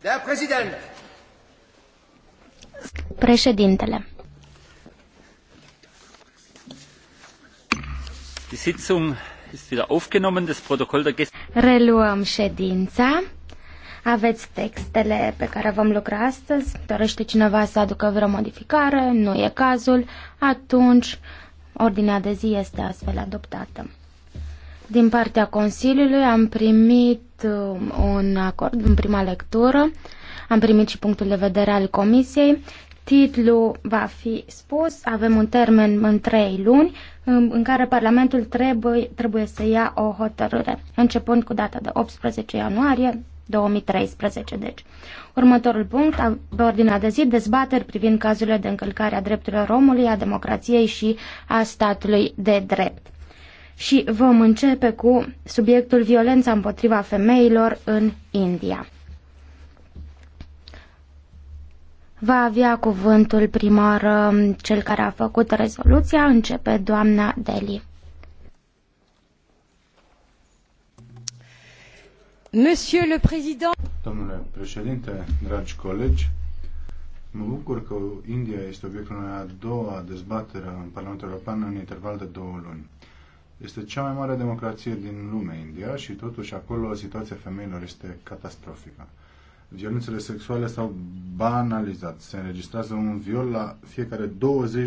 Da, Președintele. Die Sitzung ist wieder aufgenommen. Das Protokoll der Reluăm ședința. Aveți textele pe care vom lucra astăzi. Dorește cineva să aducă vreo modificare? Nu e cazul. Atunci, ordinea de zi este astfel adoptată. Din partea Consiliului am primit uh, un acord în prima lectură, am primit și punctul de vedere al Comisiei. Titlul va fi spus, avem un termen în trei luni în care Parlamentul trebuie, trebuie să ia o hotărâre, începând cu data de 18 ianuarie 2013. Deci, următorul punct pe ordinea de zi, dezbateri privind cazurile de încălcare a drepturilor omului, a democrației și a statului de drept și vom începe cu subiectul violența împotriva femeilor în India. Va avea cuvântul primar um, cel care a făcut rezoluția, începe doamna Deli. Monsieur le Président. Domnule președinte, dragi colegi, Mă bucur că India este obiectul unei a doua dezbatere în Parlamentul European în interval de două luni. Este cea mai mare democrație din lume, India, și totuși acolo situația femeilor este catastrofică. Violențele sexuale s-au banalizat. Se înregistrează un viol la fiecare 20